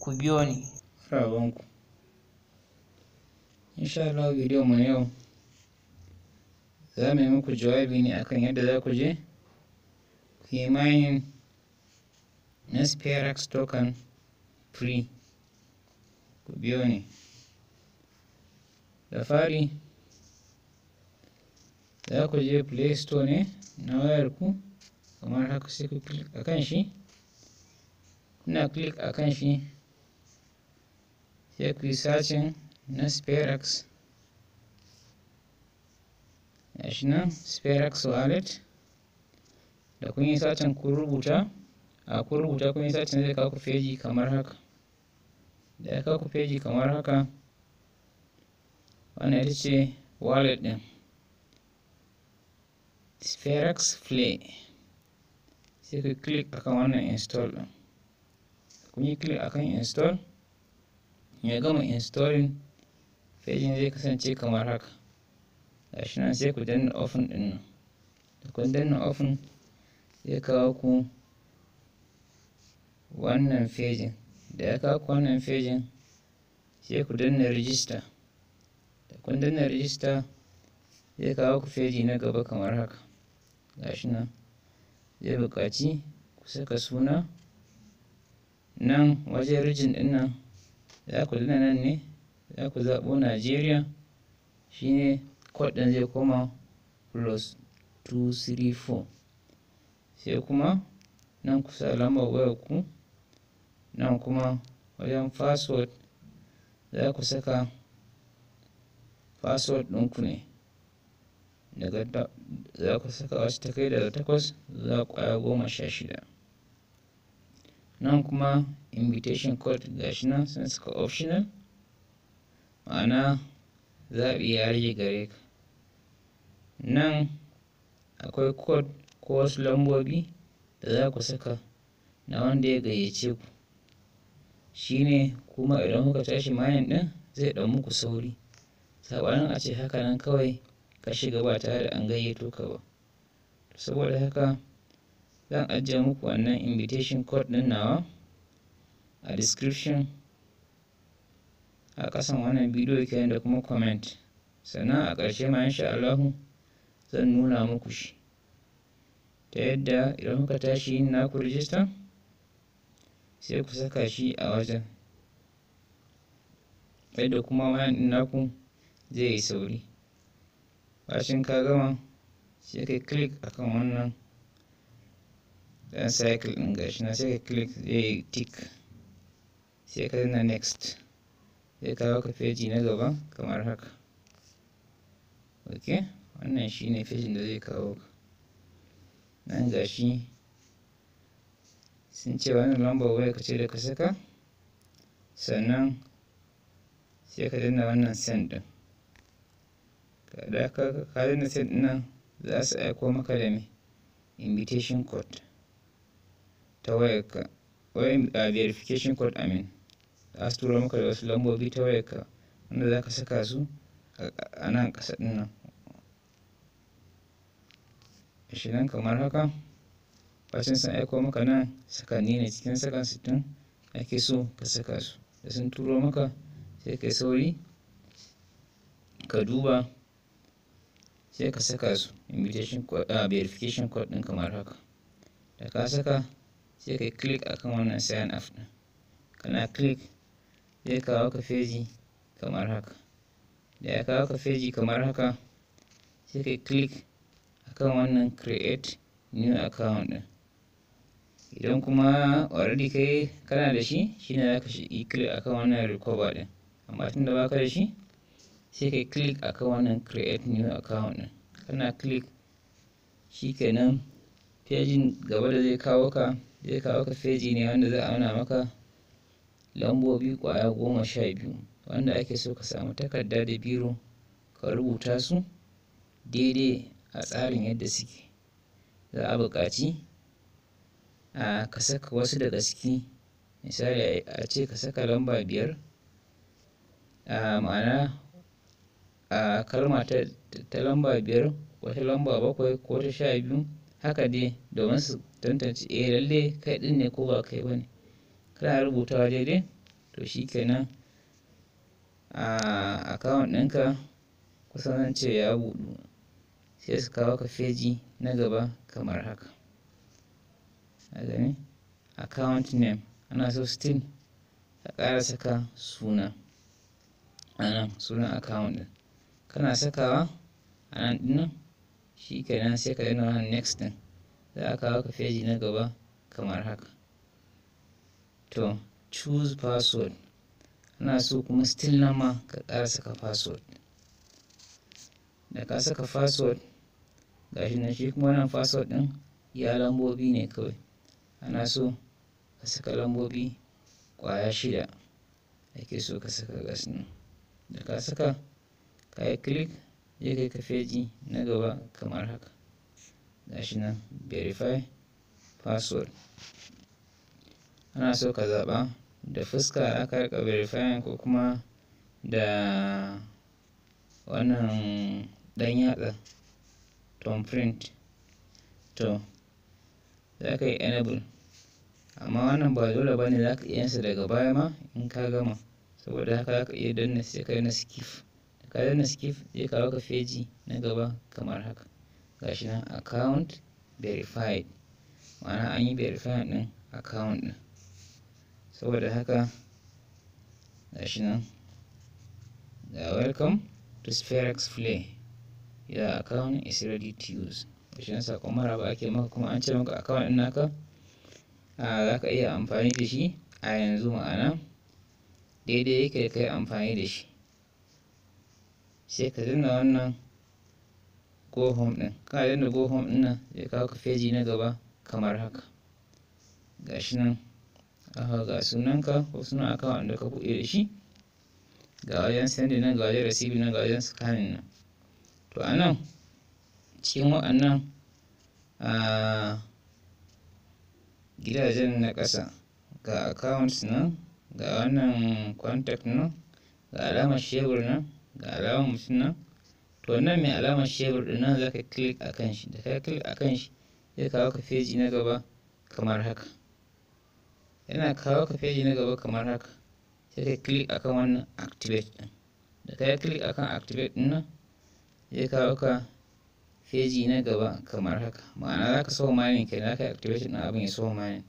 ku biyo ni. Rabanku. Insha Allah bidiyon mu yau za mu yi muku jawabi ne akan yadda za ku je ku yi mayin na SPRX token pre ku biyo ni. Da fari za ku je Play Store ne na wayarku kamar haka sai ku click akan shi. Kuna click akan shi sai ku yi sacin na sperex gashi nan sperex wallet da kun yi sacin kun rubuta a kun rubuta kun yi sacin zai kaku feji kamar haka da ya kaku feji kamar haka wani ita ce wallet din sperex play sai ku click akan wannan install din kun yi click akan install ya gama installing fejin zai kasance kamar haka shi nan sai ku danna ofin din nan da kun danna ofin zai kawo ku wannan fejin da ya kawo ku wannan fejin sai ku danna register da kun danna register zai kawo ku feji na gaba kamar haka gashi nan zai buƙaci ku saka suna nan wajen rijin din nan za ku zina nan ne za ku zaɓo Najeriya shine code ɗin zai koma plus 234 sai kuma nan ku sa lambar ku nan kuma wajen password za ku saka password ɗinku ne daga za ku saka wasu ta daga takwas zuwa aya goma sha shida nan kuma invitation code gashi nan sun suka optional ma'ana zaɓi ya rage gare ka nan akwai code ko wasu lambobi da za ku saka na wanda ya gayyace ku shine kuma idan kuka tashi mayan din zai ɗan muku sauri saɓanin a ce haka nan kawai ka shiga ba tare da an gayyato ka ba saboda haka zan ajiye muku wannan invitation code din nawa a description a ƙasan wannan bidiyo kenan da kuma comment sannan a ƙarshe ma insha Allah zan nuna muku shi ta yadda idan muka tashi yin naku register sai ku saka shi a wajen yadda kuma wayan din naku zai yi sauri bashin ka gama sai kai click akan wannan dan cycle ɗin gashi na sai ka click zai tick sai ka na next zai kawo ka feji na gaba kamar haka ok wannan shine fejin da zai kawo ka nan gashi sun ce wannan lambar waya ka ce da ka saka sannan sai ka danna wannan send ɗin ka danna send ɗin nan za su aiko maka da invitation code ta wayarka a ah, verification code amin za su turo maka da wasu lambobi ta wayarka wanda za ka saka su a nan ƙasa ɗin nan nan kamar haka fashin sun aiko maka nan sakanni ne cikin sakan sittin ake so ka saka su da sun turo maka sai ka sauri ka duba sai ka saka su invitation code a ah, verification code ɗin kamar haka da ka saka sai ka yi click akan wannan sign up ɗin kana click zai kawo ka feji kamar haka da ya kawo ka feji kamar haka sai ka klik click akan wannan create new account ɗin idan kuma already kai kana da shi shine za ka yi click akan wannan recover ɗin amma tunda baka da shi sai ka yi click akan wannan create new account ɗin kana click shikenan fejin gaba da zai kawo ka zai kawo ka feji ne wanda za a maka lambobi kwaya goma sha biyu wanda ake so ka samu takarda da biro ka rubuta su daidai a tsarin yadda suke za a buƙaci a ka saka wasu daga ciki misali a ce ka saka lamba biyar a ma'ana a kalma ta lamba biyar wata lamba bakwai ko ta sha biyu haka dai domin su tantance eh lalle kai din ne ko ba kai bane kana rubutawa daidai to shikenan a account ɗinka kusan ya buɗu sai su kawo ka feji na gaba kamar haka a gani account name ana so still ka ƙara saka suna a nan account ɗin kana sakawa a nan ɗin shi kenan sai ka yana wannan next din za a kawo ka feji na gaba kamar haka to choose password ana so kuma still nama ka kara saka password da ka saka password gashi na shi kuma wannan password din ya lambobi ne kawai ana so ka saka lambobi kwaya shida ake so ka saka gas da ka saka ka yi click zai kai ka na gaba kamar haka gashi nan verify password ana so ka zaɓa da fuska aka rika verifying ko kuma da wannan ɗan yatsa print to za ka yi enable amma wannan ba dole ba ne za ka iya daga baya ma in ka gama saboda haka za ka iya danna sai kai na sikif. kare na skif zai kawo ka feji na gaba kamar haka gashi nan account verified ma'ana an yi verified din account din saboda haka gashi nan ga welcome to spherex play your account is ready to use gashi nan sakon maraba ake maka kuma an ce maka account din naka za ka iya amfani da shi a yanzu ma'ana daidai yake kai amfani da shi sai ka zina wannan go home ɗin ka danna go home ɗin nan zai kawo ka feji na gaba kamar haka Ga shi nan aka ga sunanka ko sunan account da ka buɗe da shi ga wajen sendi nan ga wajen rasibi nan ga wajen scanning nan to a nan cikin waɗannan ah, gidajen na ƙasa ga accounts nan ga wannan contact nan ga alamar shebur nan ga alamar mutum nan to wannan mai alamar shebur din nan zaka click akan shi da ka click akan shi zai kawo ka feji na gaba kamar haka yana kawo ka feji na gaba kamar haka sai ka click akan wannan activate din da ka click akan activate din nan zai kawo ka feji na gaba kamar haka ma'ana za ka sau mining kai za ka yi activation abin ya sau mining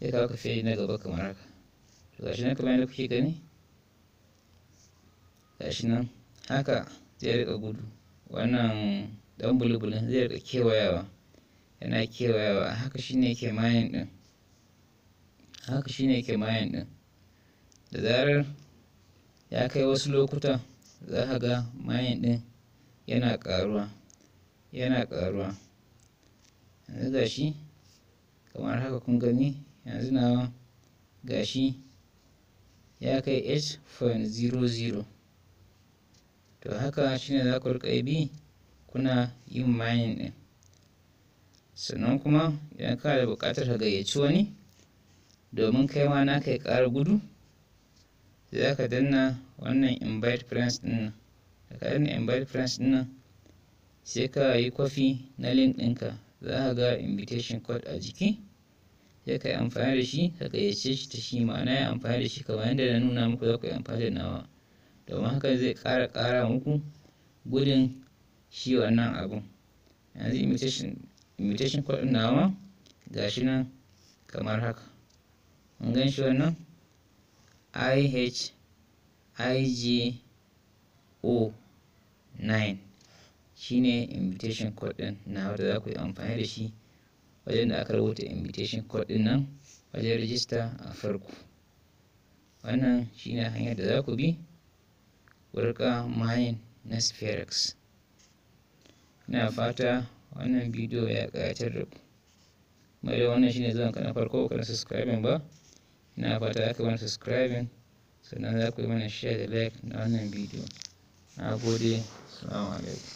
zai kawo ka feji na gaba kamar haka to gashi na kamar yadda kuke gani gashi nan haka zai rika gudu wannan dan bulbulin zai rika kewayawa yana kewayawa haka shine ke mayan din haka shine ke mayan din da zarar ya kai wasu lokuta za ka ga mayan din yana karuwa yana karuwa yanzu gashi kamar haka kun gani yanzu nawa gashi ya kai 8.00 to haka shine za ku riƙa bi kuna yin mining ɗin sannan kuma idan ka da buƙatar ka gayyaci wani domin kai ma na kai ƙara gudu za ka danna wannan invite friends ɗin nan da ka danna invite friends ɗin nan sai ka yi kwafi na link ɗinka za ka ga invitation code a jiki sai ka yi amfani da shi ka gayyace shi ta shi ma'ana ya amfani da shi kamar yadda na nuna muku za ku yi amfani da nawa domin haka zai kara ƙara muku gudun shi wannan abun yanzu imitation imitation code ga shi nan kamar haka mun gan shi wannan ih 9 shine invitation code din na da za ku yi amfani da shi wajen da aka rubuta invitation code nan wajen rijista a farko wannan shi shine hanyar da za ku bi Burka mine na spherex ina fata wannan bidiyo ya kayatar da ku mai da wannan shine zan ka na farko ka subscribing ba ina fata aka wani subscribing sannan za ku yi mana share da like na wannan bidiyo na gode salamu alaikum